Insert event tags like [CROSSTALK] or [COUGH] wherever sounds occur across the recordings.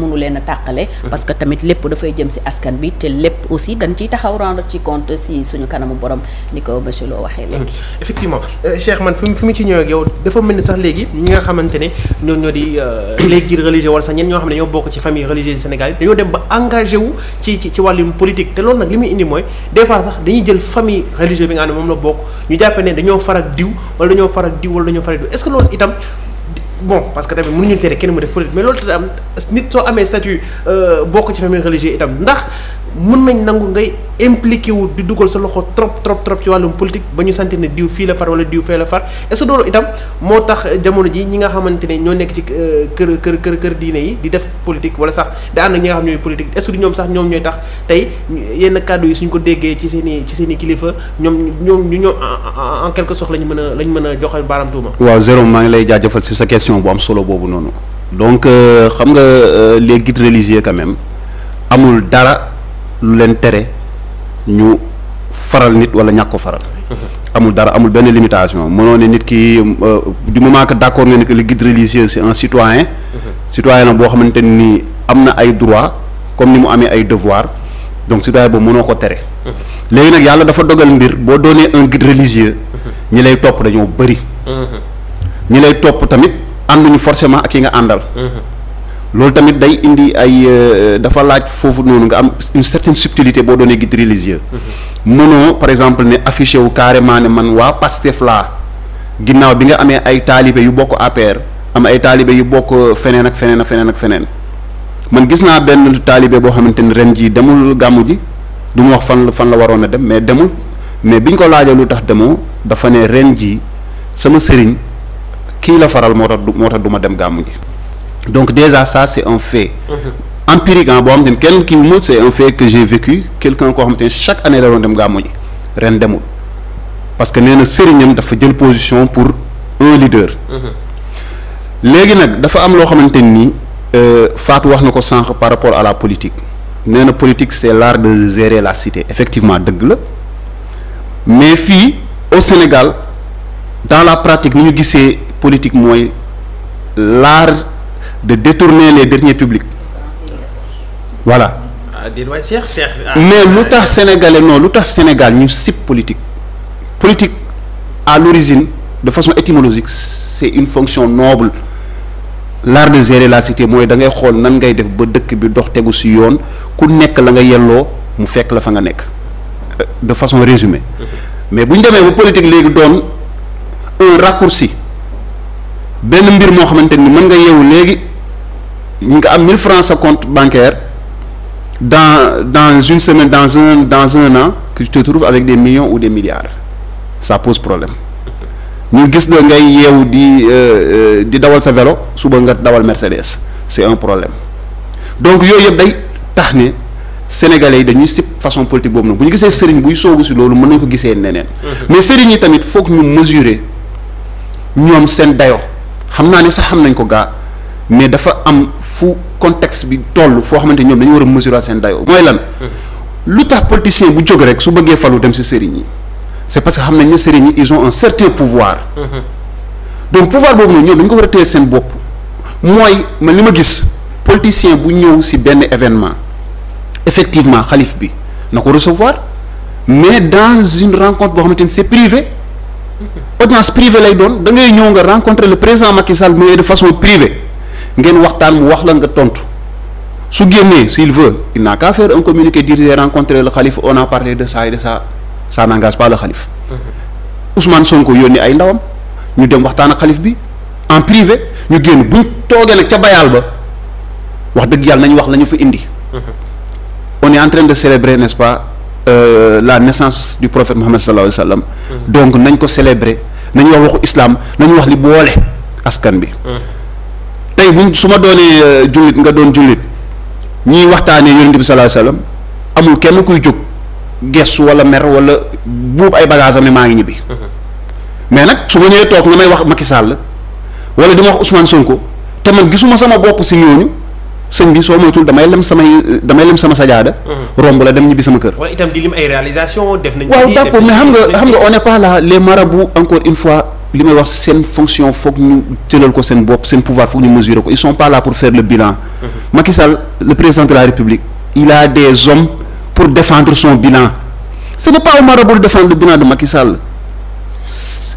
mënu leen a tàqale mhm. parce que tamit lépp dafay jëm si askan bi te lépp aussi dañ ciy taxaw rendre ci compte si suñu kanamu borom ni ko monsieur Lo waxee léegi effectivement euh, Cheikh man fi mu fi mu ci ñëwee ak dafa mel ni sax léegi ñi nga xamante ne ñoo ñoo di euh, les guides religieux wala sax ñenn ñoo xam ne ñoo bokk ci famille religieuse Sénégal yi dañoo dem ba engagé wu ci ci wàllum politique te loolu nag li muy indi mooy des fois sax dañuy jël famille religieuse bi nga xam ne moom la bokk ñu ne dañoo far ak diw wala dañoo far ak diw wala dañoo far ak diw est itam bon parce que tamit mënuñu tere kenn mu def politique mais loolu tamit am nit soo amee statut euh, bokk ci famille religieuse itam ndax mën nañ nangu ngay impliqué wu di dugal sa loxo trop trop trop ci wàllum politique ba ñu sentir ne diw fii la far wala diw fee la far est ce itam moo tax jamono ji ñi nga xamante ne ñoo nekk ci euh, kër kër kër kër diine yi di def politique wala sax di ànd ak ñi nga xam ñooy politique est ce que ñoom sax ñoom ñooy tax tey yenn kàddu yi suñ ko déggee ci seen i ci seen i kilifa ñoom ñoom ñu ñoo en quelque sorte ñu mën a lañ mën a joxe baaraam tuuma. waaw Jérôme maa ngi lay jaajëfal si sa question bu am solo boobu noonu donc euh, xam nga euh, les guides religieux quand dara lu leen tere ñu faral nit wala ñàkk ko faral. amul dara amul benn limitation mënoo ne nit ki euh, du moment que d' accord nga ni que le guide religieux c' est un citoyen. citoyen la boo xamante ni am na ay droit comme ni mu amee ay devoir donc citoyen boobu mënoo ko tere. léegi nag yàlla dafa dogal mbir boo doonee un guide religieux. ñi lay topp dañoo bëri. ñi lay topp tamit ànduñu forcément ak ki nga àndal. loolu tamit day indi ay euh, dafa laaj foofu noonu nga am une certaine subtilité boo doonee guide religieux mm-hmm. mënoo par exemple ne affiché wu carrément ne man waa Pastef laa ginnaaw bi nga amee ay taalibe yu bokk APR am ay taalibe yu bokk euh, feneen ak feneen ak feneen ak feneen man gis naa benn taalibe boo xamante ni ren jii demul gàmmu ji du mu wax fan la fan la waroon a dem mais demul mais biñ ko laajee lu tax demoo dafa ne ren jii sama sëriñ kii la faral moo tax du moo dem gàmmu ji donc déjà ça c'est un fait mhm. empirique ah boo xam te ne kenn kii ma c'est un fait que j'ai vécu quelqu'un koo xam ne chaque année da doon dem gàmmu ji ren demul parce que nee na sëriñam dafa jël position pour un leader mhm. léegi nag dafa am loo xamante ni euh, Fatou wax na ko sànq par rapport à la politique nee na politique c'est l'art de gérer la cité effectivement dëgg la mais fii au Sénégal dans la pratique ni ñu gisee politique mooy l'art de détourner les derniers publics voilà. Ah, ah, mais lu tax euh, sénégalais non lu tax Sénégal ñu sib politique politique à l'origine de façon étymologique c'est une fonction noble l'art de gérer la cité mooy da ngay xool nan ngay def ba dëkk bi dox tegu si yoon ku nekk la nga yelloo mu fekk la fa nga nekk euh, de façon résumée mhm. mais bu ñu demee ba politique léegi doon un raccourci benn mbir moo xamante ni mën nga yeewu léegi nga am 1000 francs sa compte bancaire dans dans une semaine dans un dans un an que tu te trouves avec des millions ou des milliards ça pose problème ñu gis la ngay yeewu di euh, euh, di dawal sa vélo suba nga dawal Mercedes c'est un problème donc yooyu yëpp day tax ne sénégalais yi dañuy sip façon politique boobu nag bu ñu gisee sëriñ buy soogu si loolu mën nañ ko gisee neneen mhm. mais sëriñ yi tamit foog ñu mesurer ñoom seen dayo xam naa ni sax xam nañ ko gaa mais dafa am fu contexte bi toll foo xamante ñoom dañu war a mesurer seen dayoo. mooy lan mm-hmm. lu tax politicien bu jóg rek su bëggee falu dem si sëriñ yi c'est parce que xam nañ ne sëriñ yi ils ont un certain pouvoir. Mm-hmm. donc pouvoir boobu noonu ñoom dañu ko war a téye seen bopp mooy man li ma gis politicien bu ñëw si benn événement effectivement xalif bi na ko recevoir mais dans une rencontre boo xamante ni c'est privé. Mm-hmm. audience privée lay doon da ngay ñëw nga rencontr le président Macky Sall mais de façon privée. ngeen waxtaan mu wax la nga tontu su génnee s'il veut il n'a qu'à faire un communiqué dirigé rencontrer le xalif on a parlé de ça et de ça ça n'engage pas le xalif mhm. Ousmane Sonko yónni ay ndawam ñu dem waxtaan ak xalif bi en privé ñu génn buñ toogee nag ca bayaal ba wax dëgg yàlla nañu wax lañu ñu fa indi mhm. on est de célébrer n'est-ce pas euh, la naissance du prophète Mohammed sallallahu alayhi wa sallam mhm. donc nañ ko célébrer nañu wax waxu islam nañu wax li boole askan bi tey bu su ma doonee euh, jullit nga doon jullit ñiy waxtaanee yonent bi sallallahu alayhi amul kenn kuy jóg gestu wala mer wala buub ay bagages am ne maa ngi ñibbi. Mm-hmm. mais nag su ma ñëwee toog nga may wax Macky Sall wala di ma wax Ousmane Sonko te man gisuma sama bopp si ñooñu sëñ bi soo moytul damay lem samay damay lem sama sajaada. Mm-hmm. romb la dem ñibbi sama kër. wala itam di lim ay waaw d'accord mais xam nga xam nga on n'est pas là les encore une li may wax seen fonction foog ñu jëlal ko seen bopp seen pouvoir foog ñu mesurer ko ils sont pas là pour faire le bilan mhm. Macky Sall le président de la République il a des hommes pour défendre son bilan ce n'est pas au marabout de défendre le bilan de Macky Sall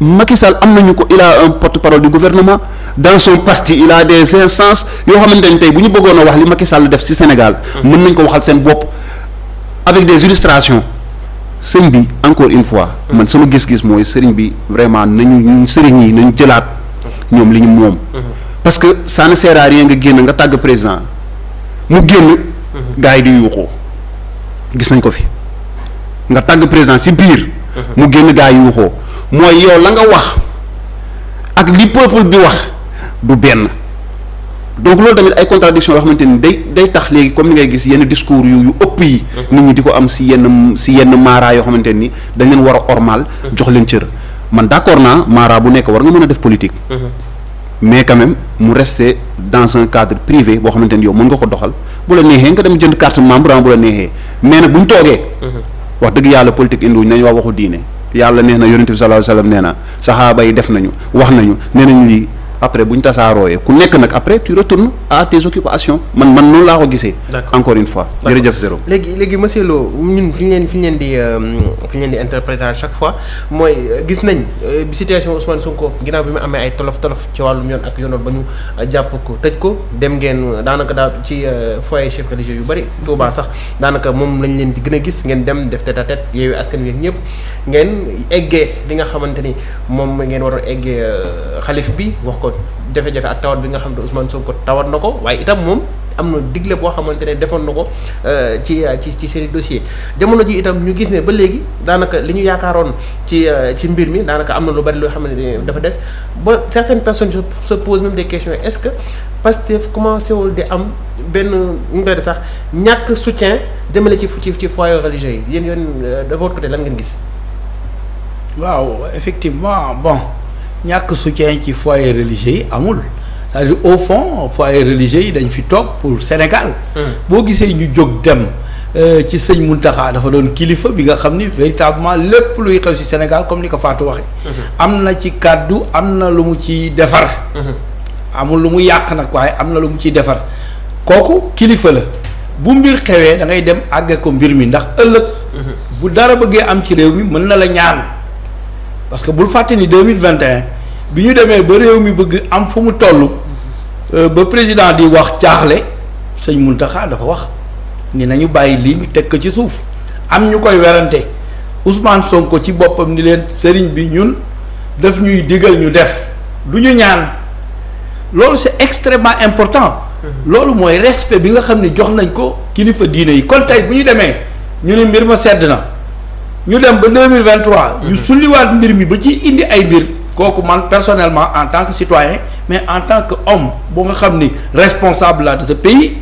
Macky Sall am nañu ko il a un porte-parole du gouvernement dans son parti il a des instances yoo xamante ne tey bu ñu bëggoona wax li Macky Sall def ci Sénégal mhm. mën nañ ko waxal seen bopp avec des illustrations sëñ bi encore une fois. Mm. man sama gis-gis mooy sëriñ bi vraiment nañu ñu sëriñ yi nañu jëlaat. ñoom li ñu moom. Mm-hmm. parce que ça ne sert nga génn nga tàgg président mu génn. Mm-hmm. gars yi di yuuxoo gis nañ ko fi nga tàgg président ci biir. Mm-hmm. mu génn gars yi yuuxoo mooy yow la nga wax ak li peuple bi wax du benn. donc loolu tamit ay contradiction yoo xamante ni day day tax léegi comme ni ngay gis yenn discours yu yu ëpp yi mm-hmm. nit ñi di ko am si yenn si maara yoo xamante ni dañ leen war a ormal mm-hmm. jox leen cër man d'accord naa maara bu nekk war nga mën a def politique mm-hmm. mais quand même mu rester dans un cadre privé boo xamante ni yow mën nga ko doxal bu la neexee nga dem jënd carte membre am bu la neexee mais nag bu ñu toogee wax dëgg yàlla politique indiwuñ nañ wax waxu yàlla neex na yonente bi sallallahu alayhi nee na saxaaba yi def nañu wax nañu nee nañ lii après bu ñu tasaaroowee ku nekk nag après tu retournes à tes occupations man man noonu laa ko gisee. encore une fois. jërëjëf zéro. léegi léegi monsieur Lo ñun fi ñu leen fi ñu leen di euh, fi leen di interpréter à chaque fois mooy euh, gis nañ euh, situation Ousmane ko ginnaaw bi mu amee ay tolof tolof ci wàllum yoon ak yoonal ba ñu jàpp ko tëj ko dem ngeen daanaka daa ci foyer chef religieux yu bëri. Touba sax daanaka moom lañ leen di gën a gis ngeen dem def tête à tête yooyu askan wi ak ñëpp ngeen eggee li nga xamante ni moom ngeen waroon eggee xalif bi wax ko ko jafe-jafe ak tawat bi nga xam ne Ousmane Sonko tawat na ko waaye itam moom am na digle boo xamante ne defoon na ko euh, euh, ci ci ci seen i dossier jamono ji itam ñu gis ne ba léegi daanaka li ñu yaakaaroon ci euh, ci mbir mi daanaka am na lu bari loo xam ne dafa des ba certaines personnes se posent même des questions est-ce que Pastef commencé wul di am benn ñu koy sax ñàkk soutien jëmale ci ci ci foyer religieux yi yéen yoon de votre côté lan ngeen gis. waaw effectivement ñàkk soutien ci foyer religieux yi amul cest à au fond foyer religieux yi dañ fi toog pour Sénégal hmm. boo gisee ñu jóg dem euh, ci sëñ Muntaxa dafa doon kilifa bi nga xam ni véritablement lépp luy xew ci Sénégal comme ni ko Fatou waxe hmm. am na ci kàddu am na lu mu ci defar hmm. amul lu mu yàq nag waaye am na lu mu ciy defar kooku kilifa la bu mbir xewee da dem àgge ko mbir mi ndax ëllëg bu dara bëggee am ci réew mi mën na la ñaan parce que bul fàtte ni deux mille vingt un bi ñu demee ba réew mi bëgg am fu mu toll euh, ba président di wax jaaxle sëñ Muntaxa dafa wax ni nañu bàyyi lii ñu teg ko ci suuf am ñu koy werante Ousmane sonk ci boppam ni leen sëriñ bi ñun def ñuy digal ñu def du ñu ñaan loolu c'est extrêmement important mmh. loolu mooy respect bi nga xam ne jox nañ ko kilifa diine yi kon tey bu ñu demee ñu ne mbir ma sedd na ñu dem ba deux mille vingt trois. Mhm. ñu sulliwaat mbir mi ba ci indi ay mbir. kooku man personnellement en tant que citoyen mais en tant que homme boo nga xam ni responsable la de ce pays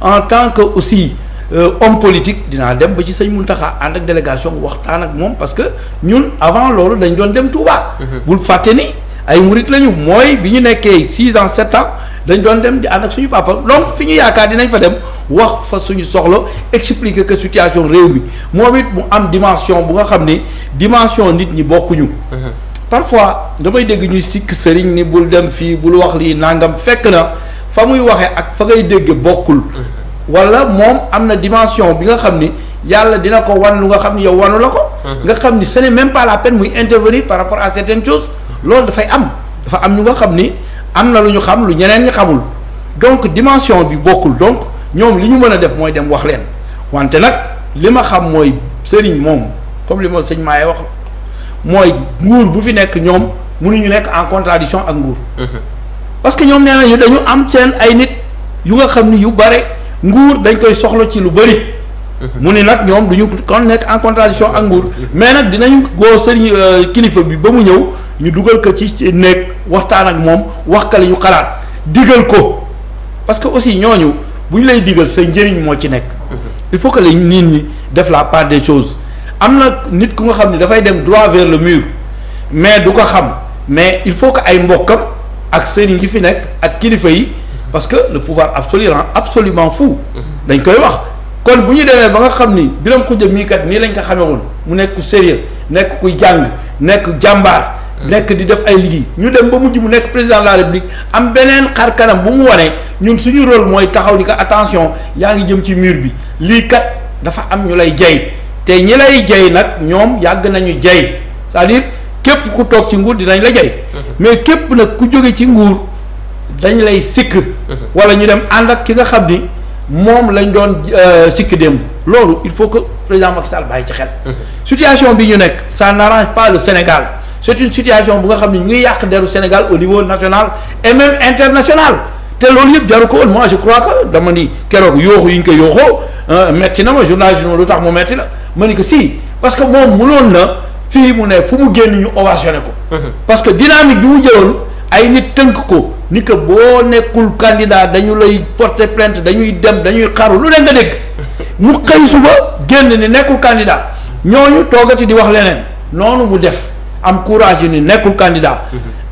en tant que aussi euh, homme politique dinaa dem ba ci sañ sëñ taxa ànd ak délégation waxtaan ak moom parce que ñun avant loolu dañ doon dem Touba. Mhm. bul fàtte ni ay murit lañu mooy bi ñu nekkee six ans sept ans. dañ doon dem di ànd ak suñu papa donc fi ñu yaakaar dinañ fa dem wax fa suñu soxla expliquer ko situation réew mi moom it mu am dimension bu nga xam ni dimension nit ñi bokkuñu. Mhm. parfois damay dégg ñuy sikk sëriñ ni bul dem fii bul wax lii nangam fekk na fa muy waxee ak fa ngay dégg bokkul. Mhm. wala moom am na dimension bi nga xam ni yàlla dina ko wan lu nga xam ni yow wanu la ko. Mhm. nga xam ni ce n'est même pas la peine muy intervenir par rapport à certaines choses. loolu dafay am dafa am ñu nga xam ni. am na lu ñu xam lu ñeneen ñi xamul donc dimension bi bokkul donc ñoom li ñu mën a def mooy dem wax leen wante nag li ma xam mooy sëriñ moom comme li ma sëñ Maye wax mooy nguur bu fi nekk ñoom mënuñu nekk en ak nguur. Mhm. parce que ñoom nee nañu dañu am seen ay nit yu nga xam ni yu bare nguur dañ koy soxla ci lu bëri. Mhm. mu ni nag ñoom du ñu kon nekk en contradiction ak nguur. Mhm. mais nag dinañ goo sëriñ euh, kilifa bi ba mu ñëw. ñu dugal ko ci ci néeg waxtaan ak moom wax ka li ñu xalaat digal ko parce que aussi ñooñu bu ñu lay digal sa njëriñ moo ci nekk. Mhm. il faut que la nit ñi def la part des choses am na nit ku nga xam ne dafay dem droit vers le mur mais du ko xam mais il faut que ay mbokkam ak sëriñ yi fi nekk ak kilifa yi parce que le pouvoir absolu rend absolument fou. Mhm. dañ koy wax kon bu ñu demee ba nga xam ni Birame Khoudia mii kat nii lañ ko xamee woon mu nekk ku sérieux nekk kuy jàng nekk jàmbaar. nekk di def ay liggéey ñu dem ba mujj mu nekk président de la république am beneen xar kanam bu mu wanee ñun suñu rôle mooy taxaw ni ko attention yaa ngi jëm ci miir bi lii kat dafa am ñu lay jay te ñi lay jay nag ñoom yàgg nañu jay cest à képp ku toog ci nguur dinañ la jay mm-hmm. mais képp nag ku jóge ci nguur dañ lay sikk mm-hmm. wala ñu dem ànd ak ki nga xam ni moom lañ doon euh, sikk démb loolu il faut que président Macky Sall bàyyi ci xel mm-hmm. situation bi ñu nekk ça n'arrange pas Sénégal c'est une situation bu nga xam ne ñu ngi yàq deru Sénégal au niveau national et même international te loolu yëpp jaru ko woon moi je crois que dama ni keroog yooxu yi ñu ko yooxoo metti na ma journaliste bi lu tax mu metti la ma ni que si parce que moom mënoon na fii mu ne fu mu génn ñu ovationné ko. parce que dynamique bi mu jëloon ay nit tënk ko ni que boo nekkul candidat dañu lay porter plainte dañuy dem dañuy xaru lu leen nga dégg. mu xëy suba génn ni nekkul candidat ñooñu toogati di wax leneen noonu mu def. am courage yu ni nekkul candidat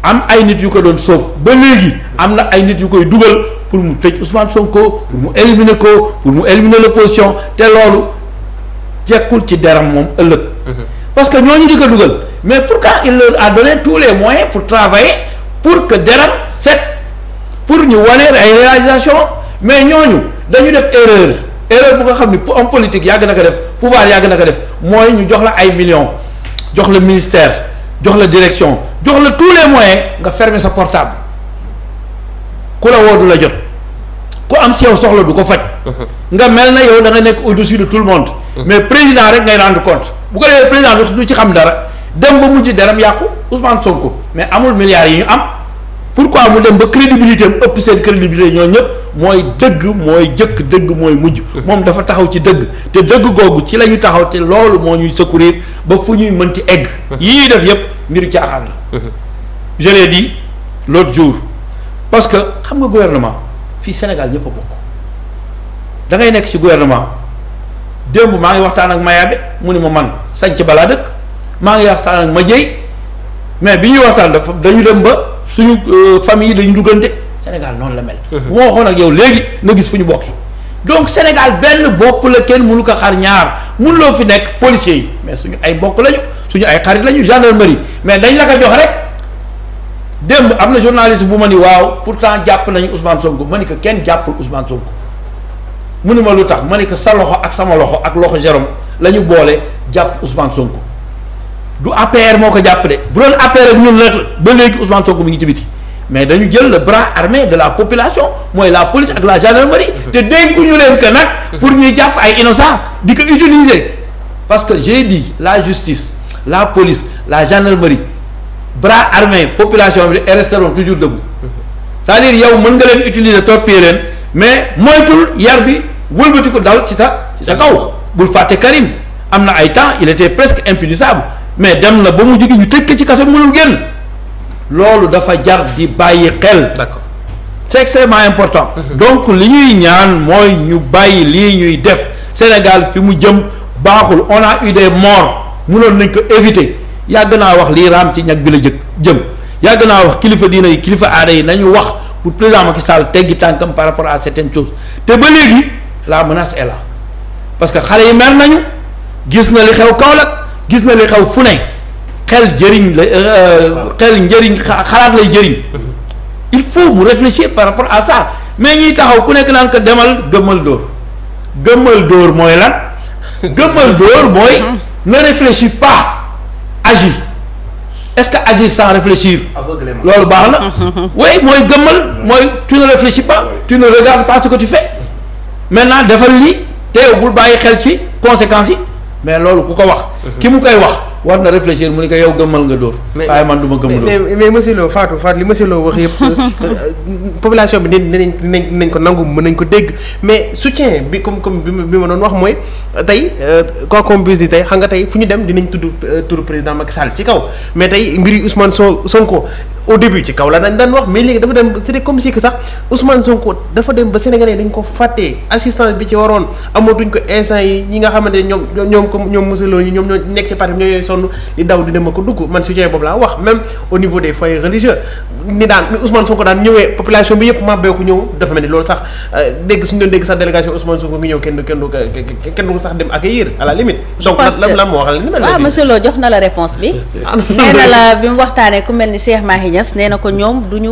am ay nit yu ko doon sóob ba léegi am na ay nit yu koy dugal pour mu tëj Ousmane Sonko pour mu éliminer ko pour mu éliminer l'opposition te loolu jekkul ci deram moom ëllëg parce que ñooñu di ko dugal mais pourquoi il leur a donné tous les moyens pour travailler pour que deram set pour ñu wanee ay réalisation mais ñooñu dañu def erreur erreur bu nga xam ni homme politique yàgg na ko def pouvoir yàgg na ko def mooy ñu jox la ay millions jox la ministère jox la direction jox la tous les moyens nga ferme sa portable ku la woo du la jot ku am si yow soxla du ko faj. [LAUGHS] nga mel na yow da nekk au-dessus de tout le monde. [LAUGHS] mais président rek ngay rendre compte bu ko defee président du ci xam dara dem ba mujj deram yàqu Ousmane Sonko mais amul milliards yi ñu am pourquoi mu dem ba crédibilité am ëpp seen crédibilité ñoo ñëpp. mooy dëgg mooy jëkk dëgg mooy mujj moom dafa taxaw ci dëgg te dëgg googu ci la ñu taxaw te loolu moo ñuy secourir ba fu ñuy mënti egg yi ñuy def yépp ngir caaxaan la je l'ai dit jour parce que xam nga gouvernement fii Sénégal ñëpp a bokk da ngay nekk ci gouvernement démb maa ngi waxtaan ak Mayabe mu ne ma man sanc balaa dëkk maa ngi waxtaan ak ma jëy mais bi ñuy waxtaan dafa dañu dem ba suñu euh, famille dañu duggante Sénégal noonu la mel. bu ma mhm. waxoon ak yow léegi nga gis fu ñu bokki donc Sénégal benn bopp la kenn mënu ko xar ñaar loo fi nekk policiers yi mais suñu ay bokk lañu suñu ay xarit lañu gendarmerie mais dañ la ko jox rek démb am na journaliste bu ma ni waaw pourtant jàpp nañu Ousmane Sonko ma ni ko kenn jàppul Ousmane Sonko mu ni ma lu tax ma ni ko sa loxo ak sama loxo ak loxo Jérôme la ñu boole jàpp Ousmane Sonko du APR moo ko jàpp de bu doon APR ak ñun rek léegi Ousmane Sonko mi ngi ci mais dañu jël le bras armé de la population mooy la police ak la gendarmerie te dénkuñu leen que nag pour ñuy jàpp ay innocent di ko utiliser parce que j'ai dit la justice la police la gendarmerie bras armé population bi resteront toujours debout c'est-à-dire yow mën nga leen utiliser torpiller leen mais moytul yar bi wëlbati ko dal ci sa ci sa kaw bul fàtte Karim am na ay temps il était presque impénissable mais dem na ba mu jóge ñu tëj ko ci kaso mënul génn loolu dafa jar di bàyyi xel. d'accord c'est extrêmement important. Mhm. donc li ñuy ñaan mooy ñu bàyyi lii ñuy def Sénégal fi mu jëm baaxul on a eu des morts mënoon nañ ko éviter yàgg naa wax lii raam ci ñag bi la jëkk jëm yàgg naa wax kilifa diina yi kilifa aada yi nañu wax pour président Macky Sall teggi tànkam par rapport à certaines choses te ba léegi la menace est là parce que xale yi mer nañu gis na li xew Kaolack gis na li xew fu ne xel jëriñ la euh, euh, xel njëriñ xalaat lay jëriñ il faut mu réfléchir par rapport à ça mais ñuy taxaw ku nekk naan ko demal gëmmal dóor gëmmal dóor mooy lan gëmmal dóor mooy ne réfléchis pas agi est-ce que agir sans réfléchir loolu baax na oui mooy gëmmal mooy tu ne réfléchis pas tu ne regardes pas ce que tu fais maintenant defal lii teew bul bàyyi xel ci conséquences yi mais loolu ku ko wax ki mu koy wax war na réfléchir mu ni ko yow gëmmal nga dóor. waaye man du ma gëmm dóor mais mais monsieur Lo Fatou Fatou li monsieur Lo wax yëpp euh, population bi dinañ dinañ dinañ ko nangu mën nañ ko dégg mais soutien bi comme comme bi ma doon wax mooy euh, tey kooku bis yi tey xam nga tey fu ñu dem dinañ tudd euh, turu président Macky Sall ci kaw mais tey mbiri Ousmane Sonko. au début ci kaw la dañ daan wax mais léegi dafa dem ko fàttee assistance bi ci waroon amatuñ ko instant yi nga xamante ne ñoom ñoom ko ñoom musaloo ñi ñoom ñoo nekk ci parti ñoo yooyu sonn ni daan ni Ousmane Sonko daan ñëwee population bi yëpp maa béy ko ñëw dafa mel ni loolu sax euh, dégg suñu doon dégg sax délégation Ousmane Sonko ngi ñëw kenn du kenn kenn du sax dem accueillir à la limite donc lan lan moo wax la jox na la réponse bi [LAUGHS] ah, nee la bi mu waxtaanee ku mel ni Cheikh Mahi Niass nee na ko ñoom du